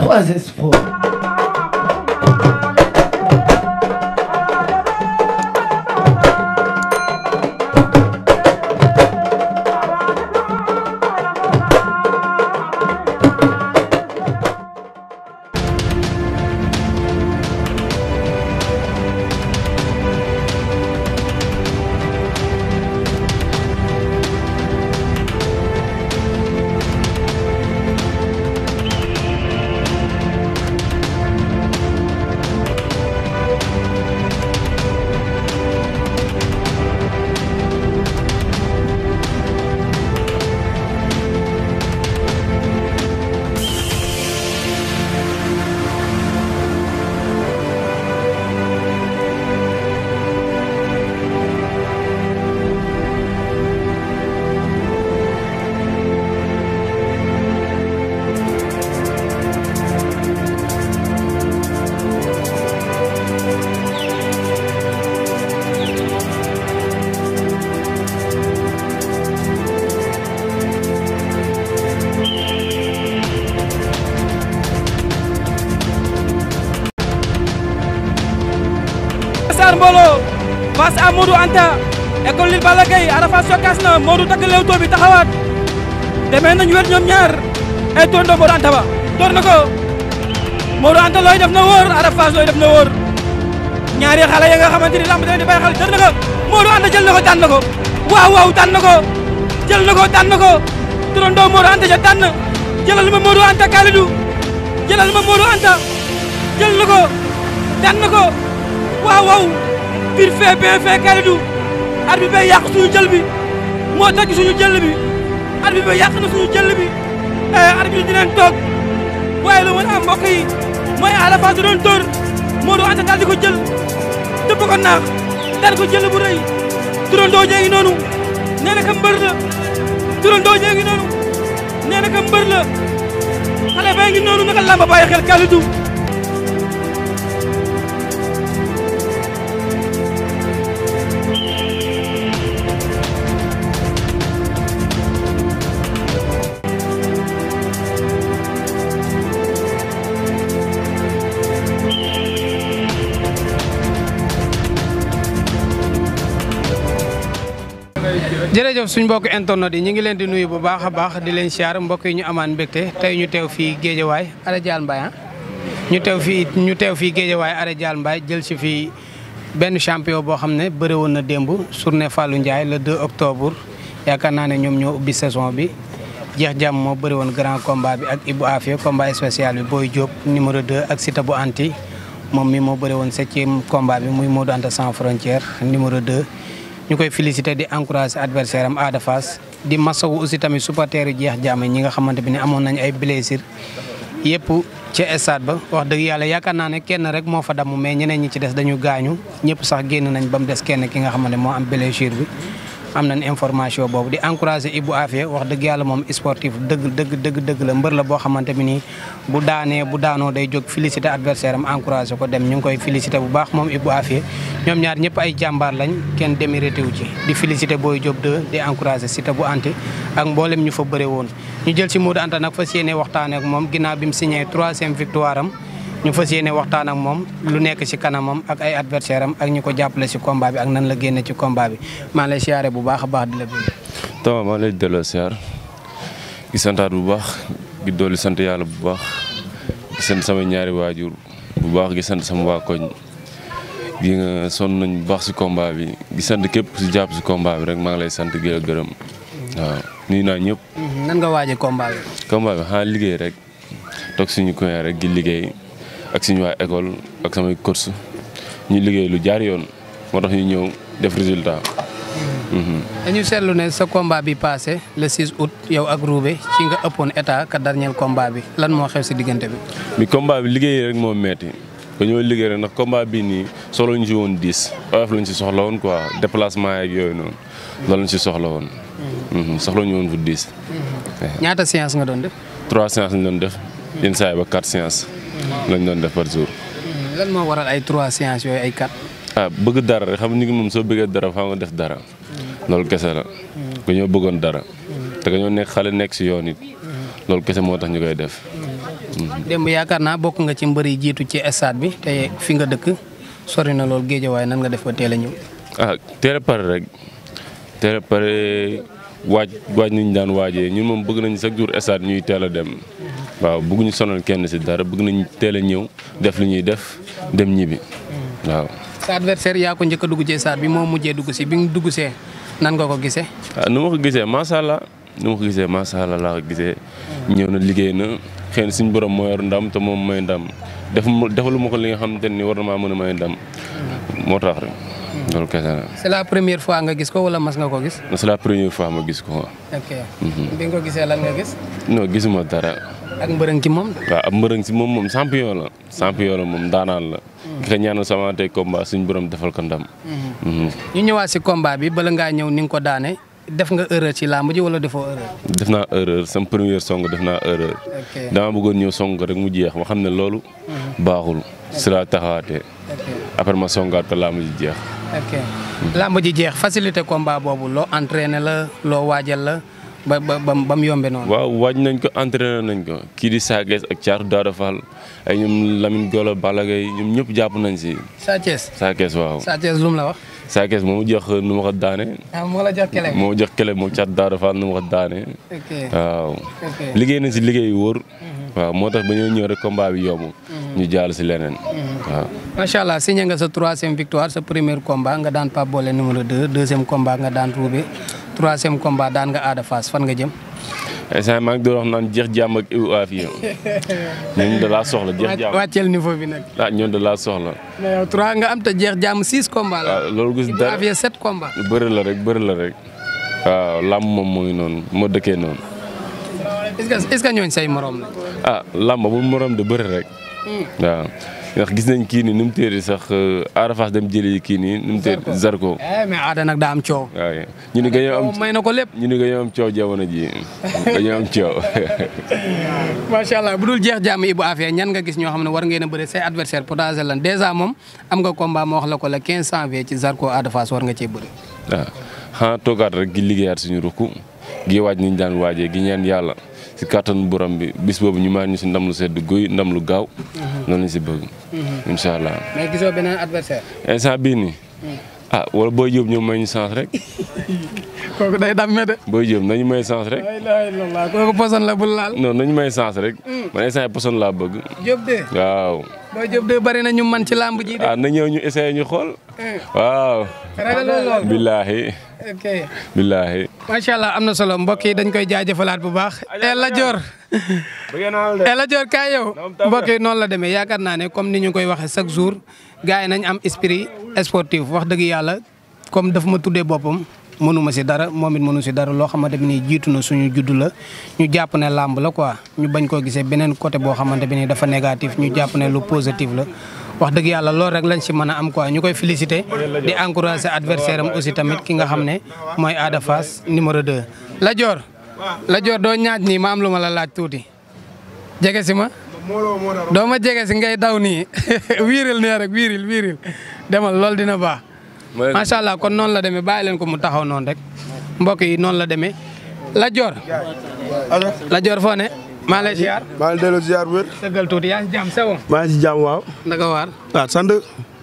What was this for? a à Modou Anta école Lille Balla Gaye Arafa sokkaas na Modou takk lewto bi taxawaat demee nañ wér ñoom ñaar ay tondo Modou Anta ba door na ko Anta looy def na wóor Arafa looy def na wóor ñaari xale ya nga xamante ni lamb dañu di bàyyi xel dër na ko Modou Anta jël na ko tànn ko waaw waaw tànn na ko tànn ko Anta ja tànn jëlal ma Anta jël na ko tànn ko vite fait bien fait Kalidou arbitre bi yàq suñu jël bi moo teg suñu jël bi arbitre bi yàq na suñu jël bi eh, arbitre di leen toog waaye lu mën am mbokk yi mooy à la fois da doon dóor Anta daal di jël dëpp ko naax daal ko jël bu rëy turandoo jee noonu nee na ka mbër la noonu nee na ka mbër noonu naka lamba bàyyi xel Kalidou jërëjëf suñ mbokk internet yi ñu ngi leen di nuyu bu baax a baax di leen siyaar mbokk yi ñu amaan mbégte tey ñu teew fii Géejawaay Ada Dial Mbaye ah. ñu teew fii ñu teew fii Géejawaay Ada Dial Mbaye jël si fii benn champion boo xam ne bëre woon na démb journée fàllu Ndiaye le 2 octobre yaakaar naa ne ñoom ñoo ubbi saison bi jeex jàmm moo bëri woon grand combat bi ak Ibou Afia combat spécial bi booy Diop numéro 2 ak Sita bu anti moom mii moo bëri woon septième combat bi muy Modou Anta sans frontière numéro de ñu koy félicité di encouragé adversaire am Ada Fass di masawu aussi tamit supporteru jeex jaam ñi nga xamante bi ne amoon nañ ay blessures yëpp ci stade ba wax dëgg yàlla yaakaar naa ne kenn rek moo fa damm mais ñeneen ñi ci des dañu gaañu ñëpp sax génn nañ ba mu des kenn ki nga xamante moo am blessure bi. am na nañ information boobu di encouragé Ibou Afia wax dëgg yàlla moom sportif dëgg dëgg dëgg dëgg la mbër la boo xamante bi nii bu daanee bu daanoo day jóg félicité adversaire am encouragé ko dem ñu ngi koy félicité bu baax moom Ibou Afia ñoom ñaar ñëpp ay jàmbaar lañ kenn démérité wu ci di félicité booy Diop 2 di encouragé Siteu bu anti ak mboolem ñu fa bëre woon ñu jël ci Modou Anta nag fas yéene waxtaanee ak moom ginnaaw bi mu signé troisième victoire am ñu fas yéene waxtaan ak moom lu nekk si kanamam ak ay adversaire am ak ñu ko jàppale si combat bi ak nan la génne ci combat bi maa lay bu baax a baax di la bëgg. Tama maa lay delloo bu baax di dolli sant yàlla bu baax di sama ñaari waajur bu baax di sant sama waa koñ gi nga sonn nañ bi di sant képp ci jàpp ci bi rek maa ngi lay sant di gërëm waaw nuyu naa ñëpp. nan nga waajee combat bi. combat bi xanaa liggéey rek toog suñu koy rek di liggéey. ak suñu waa école ak samay course ñu liggéey lu jaar yoon moo tax ñu ñëw def résultat. dañu mhm. seetlu ne sa combat bi passé le 6 août yow ak Roubé ci nga ëppoon état ka dernier combat bi lan moo xew si diggante bi. bi combat bi liggéey rek moo metti dañoo liggéey rek ndax combat bii nii solo ñu si woon 10 lañ si soxla woon quoi déplacement yeeg yooyu noonu loolu lañ si soxla woon. Mhm, soxla ñu woon fu 10. Mhm. ñaata séance nga doon def. 3 séances ñu doon def. yenn saa ba 4 séances. Mm-hmm. lañ doon def par jour. Mm-hmm. lan moo waral ay trois séances yooyu ay quatre. ah bëgg dara rek xam nga nit moom soo bëggee dara faa nga def dara. Mm-hmm. loolu kese la. ku ñoo bëggoon dara. te ñoo nekk xale nekk si yoon it. loolu moo tax ñu koy def. démb yaakaar naa bokk nga ci mbër yi jiitu ci stade bi te fi nga dëkk sori na lool géejawaay nan nga def ba teel a ñëw. ah a pare rek teel a pare waaj waaj ñu daan waajee ñun moom bëgg nañ chaque jour stade ñuy teel a dem waaw bëgguñu sonal kenn si dara bëgg nañu teel a ñëw def li ñuy def dem ñibbi waaw. sa adversaire yaa ko njëkk a dugg ci stade bi moo mujjee dugg si bi nga dugg see nan nga ko gisee. Ah, nu ma ko gisee macha allah nu ma ko gisee macha laa gisee ñëw na liggéey na xëy na suñu borom moo ndam te moom may ndam def defuma ma ko li nga xamante ni war na maa mën a may ndam moo tax rek. loolu kese la. c'est la première fois nga gis ko wala mas nga ko gis. c'est la première fois ma gis ko. ok. Mhm. bi nga ko gisee lan nga gis. non gisuma dara. ak mbërëng ci moom. waaw ak mbërëng ci moom moom champion la. champion la moom daanaan la. Mhm. ki ko ñaanal sama tey combat suñu borom defal ko ndam. Mhm. ñu ñëwaat si combat bi bala ngaa ñëw ni nga ko daane. def nga erreur ci làmb ji wala defoo erreur. def naa erreur sama première song def naa erreur. dama bëggoon ñëw song rek mu jeex ma xam ne loolu. baaxul si laa taxawaatee. après ma songaat ko làmb ji jeex. ok làmb ji jeex facilité combat boobu loo entraîné la loo waajal la ba ba mu yombe noonu. waaw waaj nañ ko entraîné nañ ko kii di Sa ak Thiatou Daouda Fall ay ñoom Lamine Golo Balla ñoom ñëpp jàpp nañ si. Sa Thiès Sa Thiès waaw. la wax. Sa moom jox nu ma ko daane. ah moo la jox kële. moo jox kële moom Thiatou Daouda Fall nu daane. waaw. liggéey nañ si liggéey yu mhm. waaw moo tax ba ñoo ñëw rek combat bi yomb. Mhm. ñu jàll si leneen mhm. macha allah signé nga sa troisième victoire sa premier combat nga daan Pape Bollé numéro 2 deuxième combat nga daan Roubé troisième combat daan nga Ada fan nga jëm. sëñ maa ngi doon wax naan jeex jàmm ak iwu aaf soxla jeex jàmm wàcceel bi nag. ah ñun da laa soxla. mais yow nga am jeex jàmm 6 combats la. waaw ah, loolu gis dara iwu bëri la rek bëri la rek. waaw ah, làmb moom mooy noonu moo dëkkee noonu. est-ce que est say morom la. ah làmb bu morom rek. Hmm. Ah. ndax gis nañ kii nii nu mu téeri sax euh, Ada Fass jëli kii nii nu mu téeri Zarko eh, mais Ada nag daa am coow waaw ñu ni gañoo na ko lépp ñu ni gañoo am coow jamono ji gañoo am coow macha allah bu dul jeex jàmm Ibou Afia ñan nga gis ñoo xam ne war ngeen a bëri say adversaire potentiel lan dèjà moom am nga combat ma wax la ko la 15 janvier ci Zarko Ada Fass war nga cee bëri waaw xanaa toogaat rek gi liggéeyaat suñu rukk gi waaj niñ daan waajee gi ñaan yàlla si kàttanu borom bi bis boobu ñu maay ñu si ndam lu sedd guy ndam lu gaaw. Mhm. loolu lañ si bëgg. Mhm. incha allah mais gisoo beneen adversaire. instant bii nii. Mhm. ah wala booy Diop ñoom may ñu chance rek. kooku day dammé de. booy Diop nañu may chance rek. alhamdulilah kooku laal. non nañu may chance rek. Mm. man instant yii poson laa bëgg. Diop de waaw. booy Diop de bari na ñu man ci làmb ji de. ah na ñëw ñu essayé ñu xool. Mm. waaw. billaahi. ok billaahi macha allah am na solo mbokk yi dañ koy jaajëfalaat bu baax El Hadj Dior El Hadj Dior kaay yow mbokk noonu la demee yaakaar naa ne comme ni ñu koy waxee chaque jour gars yi nañ am esprit sportif wax dëgg yàlla comme dafa ma tuddee boppam mënuma si dara moom it mënu si dara loo xamante bi nii jiitu na suñu judd la ñu jàpp ne làmb la quoi ñu bañ koo gisee beneen côté boo xamante bi nii dafa négatif ñu jàpp ne lu positif la wax dëgg yàlla lool rek lañ si a am quoi ñu koy félicité di encouragé adversaire am aussi tamit ki nga xam ne mooy Ada Fass numéro 2. Lat Dior Lat Dior doo ñaaj nii ma am lu ma la laaj tuuti jege si ma doo ma jege si ngay daw nii wiiril nee rek wiiril demal loolu dina baax. macha allah kon noonu la demee bàyyi leen ko mu taxaw noonu rek mbokk yi noonu la demee Lat Dior. foo ne maa lay ziar maa lay delloo ziar wér. sëgal yaa si jàmm sa woon. maa ngi si jàmm waaw. naka waar.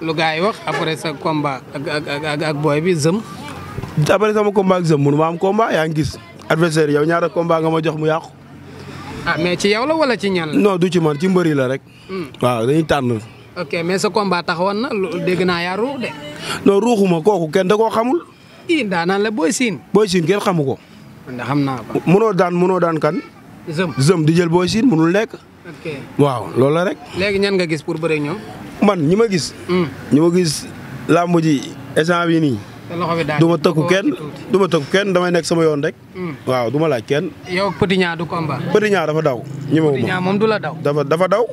lu gars wax après sa combat ak ak bi Zëm. après sama combat ak Zëm mënu ma am combat yaa ngi gis. adversaire yow ñaata combat nga ma jox mu yàqu. ah mais ci yow la wala ci ñan la. du ci man la rek. Hmm. waaw dañuy tànn. ok mais na lu naa yaa ruux de. non koo xamul. ii daan naan la Boy Sine. kenn xamu ko. ndax xam mënoo daan mënoo daan kan. zëm zëm di jël booy siin mënul nekk. ok waaw loolu la rek. léegi ñan nga gis pour bëre ñoom. man ñi ma gis. Hmm. ñu ma gis làmb ji instant bii nii. du ma tëkku kenn du ma tëkku kenn damay nekk sama yoon rek. Hmm. waaw du ma laaj kenn. yow Petit Niang du combat. Petit dafa daw. ñi ma Petit moom du la daw. dafa dafa daw.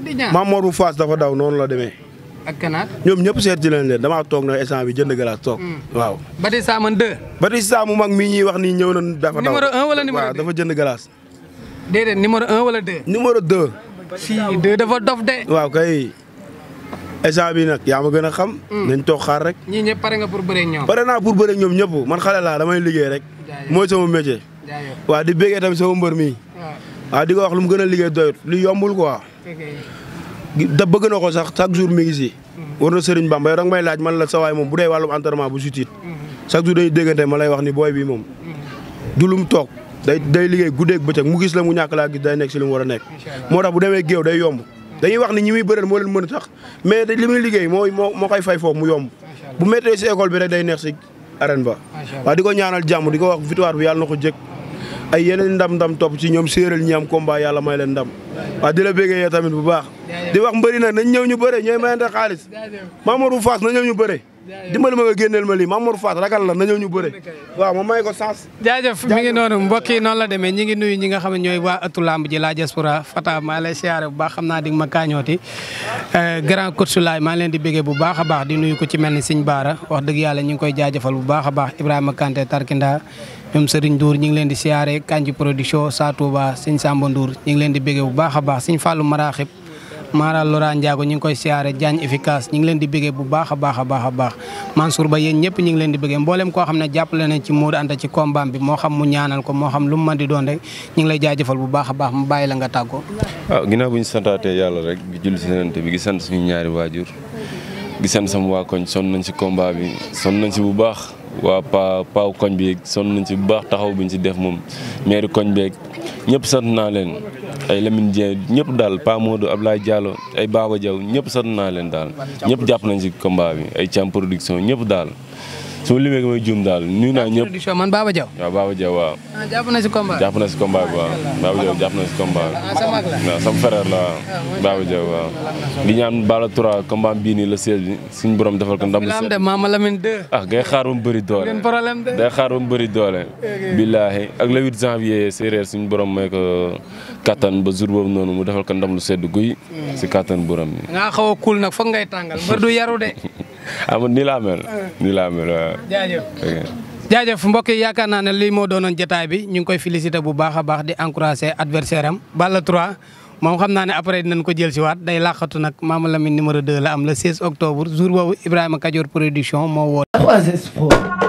Petit Niang Maam Mor bu Faas dafa daw noonu la demee. ak kanaat ñoom ñëpp seet ci leen leen damaa toog na instant bi jënd galaas toog. Hmm. waaw Batista man deux. Batista mu mag mii ñuy wax nii ñëw na dafa daw numéro un wala dafa jënd galaas. déedéet numéro un wala deux. numéro deux. si deux dafa dof de. waaw kay échange bi nag yaa ma gën a xam. Hmm. nañ toog xaar rek. ñii ñëpp pare nga pour bëree ñoom. pare naa pour bëree ñoom ñëpp man xale laa damay liggéey rek. mooy sama métier. waaw di béggee tamit sama mbër mi. waaw di ko wax lu mu gën a liggéey doyut lu yombul quoi. da bëgg na ko sax chaque jour mi ngi si. Hmm. war na Serigne Bamba yow danga may laaj man la sa waay moom bu dee wàllum entraînement bu si tiit. Hmm. chaque jour dañuy déggante ma lay wax ni booy bi moom. du lum toog. day day liggéey guddeeg bëccëg mu gis la mu ñàkk laa day nekk si li mu war nekk moo tax bu demee géew day yomb dañuy wax ni ñi muy bëreel moo leen mën a tax liggéey moo moo moo koy fay foofu mu yomb bu méttee si école day neex si arène ba waaw di ko ñaanal jàmm di ko wax victoire bi yàlla na ko jëkk ay yeneen ndam ndam topp ci ñoom séeréel ñi am combat yàlla may leen ndam waaw la béggee tamit bu baax di wax mbëri nag nañ ñëw ñu bëre ñooy mayante xaalis Mamadou Fass na ñëw ñu bëre dimbali ma nga génneel ma lii Mamour Faat ragal la nañoo ñu bëre waaw ma ko sens jaajëf mi ngi noonu mbokk yi noonu la demee ñi ngi nuyu ñi nga xam ne ñooy waa ëttu lamb ji la diaspora Fata maa lay siyaare bu baax xam naa di ma kaañooti eh, grand coach Laay maa ngi leen di béggee bu baax a baax di nuyu ko ci mel ni Sëñ Baara wax dëgg yàlla ñu ngi koy jaajëfal bu baax a baax Ibrahima Kanté Tarkinda ñoom Serigne Ndour ñu ngi leen di siyaare Kanji production Sa Touba Sëñ Samba Ndour ñu ngi leen di béggee bu baax a baax Sëñ Fallou Maraxib Mara Laurent Ndiago ñu ngi koy siyaare Diagne efficace ñu ngi leen di bëggee bu baax a baax a baax a baax Mansour Ba yéen ñëpp ñu ngi leen di bëggee mboolem koo xam ne jàppale na ci Modou Anta ci combat bi moo xam mu ñaanal ko moo xam lu mu mën di doon rek ñu ngi lay jaajëfal bu baax a baax mu bàyyi la nga tàggoo. waaw ah, ginnaaw bu ñu santaatee yàlla rek di julli si nante bi di sant suñu ñaari waajur gi sant sama waa koñ sonn nañ si combat bi sonn nañ si bu baax waa pa paaw koñ bi sonn nañ ci bu baax taxaw bi ñu ci def moom maire koñ beeg ñëpp sant naa leen ay Lamine Dieng ñëpp daal Pa ab Ablaye Diallo ay Baba jaw ñëpp sant naa leen daal ñëpp jàpp nañ ci combat bi ay Thiam production ñëpp daal su ma limee may juum daal nuyu naa ñëpp man Baba Diaw waaw Baba Diaw waaw. Ah, jàpp si combat jàpp na si combat bi waaw. Baba Diaw jàpp na si combat ah, sama ah, frère la waaw. Baba Diaw waaw. di ñaan Balla Toura combat bii nii la seet bi borom defal ko ndam. la am de Mama Lamine 2. ah ngay xaar ba mu bëri doole problème day xaar ba mu bëri doole. billaahi ak le 8 janvier séeréer borom may ko kattan ba jour boobu noonu mu defal ko ndam lu sedd guy. Hmm. si kattan borom bi. nga xaw kuul nag foog ngay tàngal mbër du yaru de ah man nii laa mel. Ah. nii waaw. jaajëf jaajëf mbokk yaakaar naa ne lii moo doonoon jotaay bi ñu ngi koy féliciter bu baax a baax di encourager adversaire am Balla 3 moom xam naa ne après dinañ ko jël si day laqatu nag Mama mi numéro 2 la am le 16 octobre jour boobu Ibrahima Kajoor production moo woo.